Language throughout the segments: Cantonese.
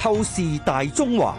透視大中華，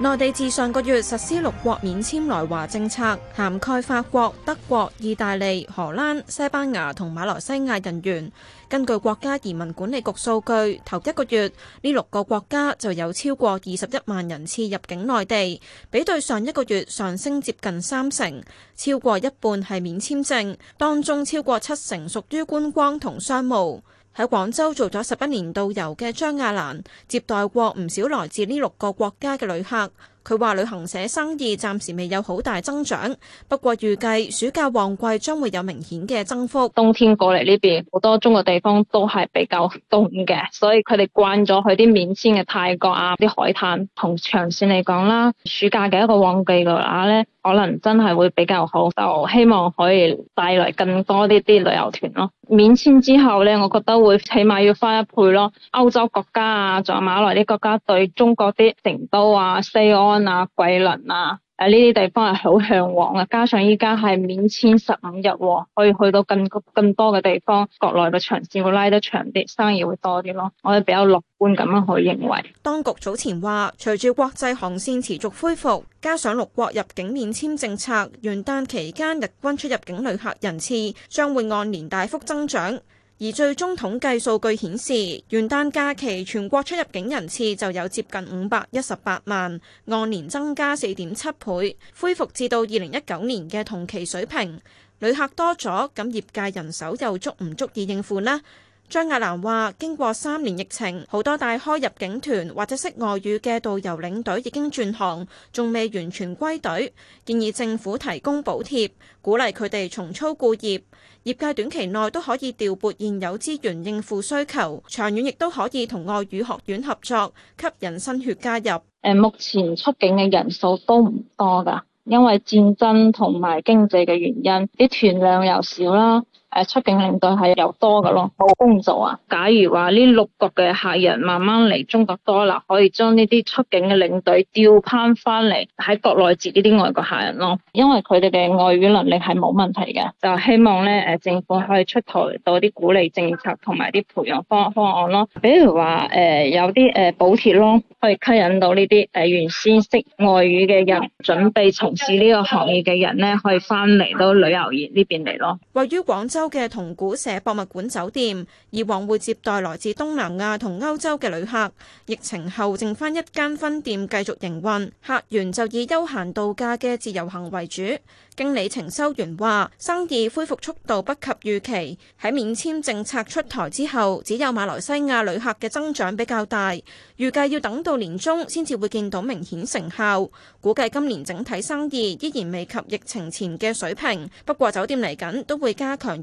內地自上個月實施六國免簽來華政策，涵蓋法國、德國、意大利、荷蘭、西班牙同馬來西亞人員。根據國家移民管理局數據，頭一個月呢六個國家就有超過二十一萬人次入境內地，比對上一個月上升接近三成，超過一半係免簽證，當中超過七成屬於觀光同商務。喺廣州做咗十一年導遊嘅張亞蘭接待過唔少來自呢六個國家嘅旅客。佢話旅行社生意暫時未有好大增長，不過預計暑假旺季將會有明顯嘅增幅。冬天過嚟呢邊好多中國地方都係比較凍嘅，所以佢哋慣咗去啲免簽嘅泰國啊、啲海灘同長線嚟講啦，暑假嘅一個旺季嘅話呢可能真係會比較好，就希望可以帶來更多啲啲旅遊團咯。免簽之後呢，我覺得會起碼要翻一倍咯。歐洲國家啊，仲有馬來啲國家對中國啲成都啊、西安。啊，桂林啊，誒呢啲地方係好向往啊。加上依家係免簽十五日，可以去到更更多嘅地方，國內嘅長線會拉得長啲，生意會多啲咯，我哋比較樂觀咁樣去認為。當局早前話，隨住國際航線持續恢復，加上六國入境免簽政策，元旦期間日均出入境旅客人次將會按年大幅增長。而最終統計數據顯示，元旦假期全國出入境人次就有接近五百一十八萬，按年增加四點七倍，恢復至到二零一九年嘅同期水平。旅客多咗，咁業界人手又足唔足以應付呢？張亞蘭話：經過三年疫情，好多大開入境團或者識外語嘅導遊領隊已經轉行，仲未完全歸隊。建議政府提供補貼，鼓勵佢哋重操故業。業界短期內都可以調撥現有資源應付需求，長遠亦都可以同外語學院合作，吸引新血加入。誒，目前出境嘅人數都唔多㗎，因為戰爭同埋經濟嘅原因，啲團量又少啦。誒，出境領隊係有多噶咯，冇工作啊？假如話呢六國嘅客人慢慢嚟中國多啦，可以將呢啲出境嘅領隊調番翻嚟喺國內接呢啲外國客人咯，因為佢哋嘅外語能力係冇問題嘅，就希望咧，誒，政府可以出台多啲鼓勵政策同埋啲培養方方案咯，比如話誒、呃、有啲誒補貼咯，可以吸引到呢啲誒原先識外語嘅人，準備從事呢個行業嘅人咧，可以翻嚟到旅遊業呢邊嚟咯。位於廣州。州嘅銅古社博物館酒店，以往會接待來自東南亞同歐洲嘅旅客。疫情後剩翻一間分店繼續營運，客源就以休閒度假嘅自由行為主。經理程修元話：生意恢復速度不及預期。喺免簽政策出台之後，只有馬來西亞旅客嘅增長比較大。預計要等到年中先至會見到明顯成效。估計今年整體生意依然未及疫情前嘅水平。不過酒店嚟緊都會加強。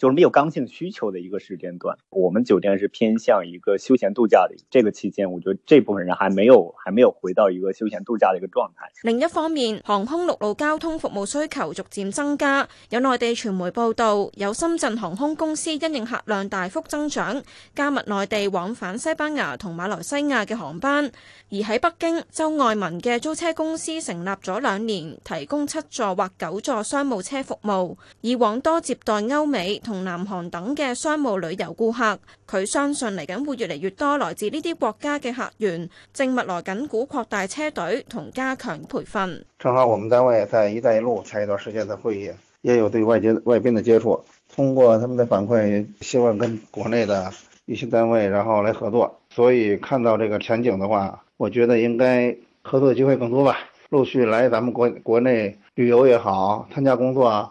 就是沒有剛性需求的一個時間段，我們酒店是偏向一個休閒度假的這個期間，我覺得這部分人還沒有還沒有回到一個休閒度假的一個狀態。另一方面，航空陸路交通服務需求逐漸增加。有內地傳媒報道，有深圳航空公司因應客量大幅增長，加密內地往返西班牙同馬來西亞嘅航班。而喺北京，周愛文嘅租車公司成立咗兩年，提供七座或九座商務車服務，以往多接待歐美。同南韓等嘅商務旅遊顧客，佢相信嚟緊會越嚟越多來自呢啲國家嘅客源，正密來緊鼓擴大車隊同加強培訓。正好我們單位在“一帶一路”前一段時間的會議，也有對外的接外賓嘅接觸，通過他們的反饋，希望跟國內的一些單位然後來合作。所以看到這個前景的話，我覺得應該合作機會更多吧。陸續來咱們國國內旅遊也好，參加工作啊。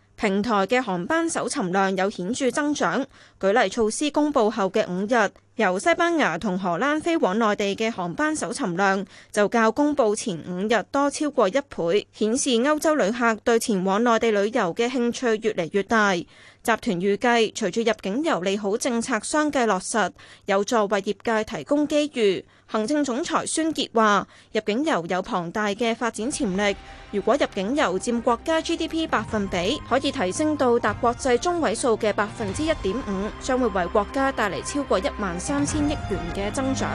平台嘅航班搜尋量有顯著增長。舉例措施公布後嘅五日，由西班牙同荷蘭飛往內地嘅航班搜尋量就較公布前五日多超過一倍，顯示歐洲旅客對前往內地旅遊嘅興趣越嚟越大。集團預計，隨住入境遊利好政策相繼落實，有助為業界提供機遇。行政總裁孫傑話：入境遊有龐大嘅發展潛力，如果入境遊佔國家 GDP 百分比可以提升到達國際中位數嘅百分之一點五，將會為國家帶嚟超過一萬三千億元嘅增長。